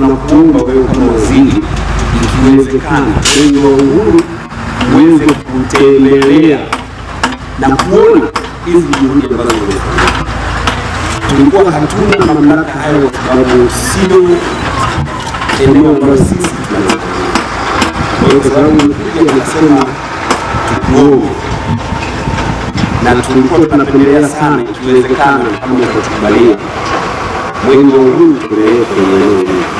tunakuomba wewe kama waziri, ikiwezekana, wengi wa uhuru uweze kutembelea na kuona hizi juhudi ambazo zimefanyika. Tulikuwa hatuna mamlaka hayo kwa sababu sio eneo ambayo sisi tunaweza. Kwa sababu mekuja anasema tukuombe, na tulikuwa tunapendelea sana ikiwezekana, kama kutukubalia mwengi wa uhuru kwenye eneo hili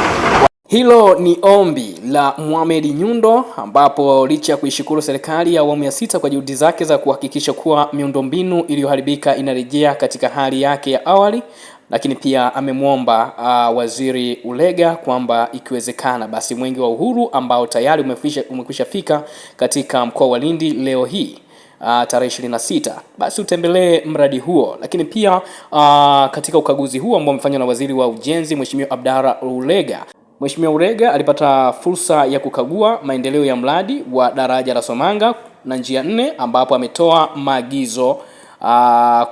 hilo ni ombi la Mohamed Nyundo ambapo licha ya kuishukuru serikali ya awamu ya sita kwa juhudi zake za kuhakikisha kuwa miundombinu iliyoharibika inarejea katika hali yake ya awali, lakini pia amemwomba uh, Waziri Ulega kwamba ikiwezekana basi Mwenge wa Uhuru ambao tayari umekwisha fika katika mkoa wa Lindi leo hii Uh, tarehe 26 basi utembelee mradi huo, lakini pia uh, katika ukaguzi huo ambao umefanywa na waziri wa ujenzi Mheshimiwa abdara Ulega Mheshimiwa Ulega alipata fursa ya kukagua maendeleo ya mradi wa daraja la Somanga na njia nne ambapo ametoa maagizo uh,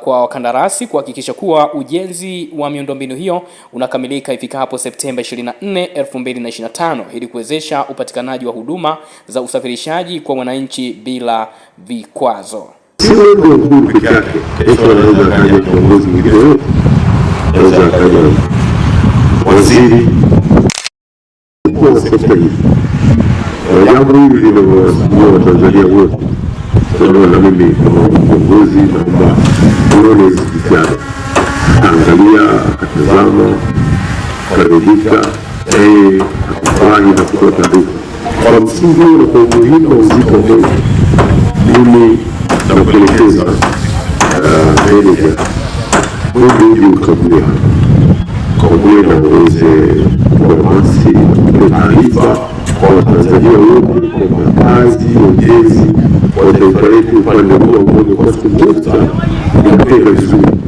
kwa wakandarasi kuhakikisha kuwa ujenzi wa miundombinu hiyo unakamilika ifikapo Septemba 24, 2025 ili kuwezesha upatikanaji wa huduma za usafirishaji kwa wananchi bila vikwazo. Jambo hili linawasumbua Watanzania wote, na mimi kama kiongozi naomba tuone hizi jitihada, akaangalia, akatazama, akaridhika, yeye akafurahi na kutoa taarifa. Kwa msingi huo na kwa umuhimu na uzito ambao mimi nakuelekeza meneja hudu ukague ukague na uweze kuamasi taarifa kwa Watanzania wote kwa kazi ujenzi wa taifa letu upande huo, kwa siku moja tutapeka vizuri.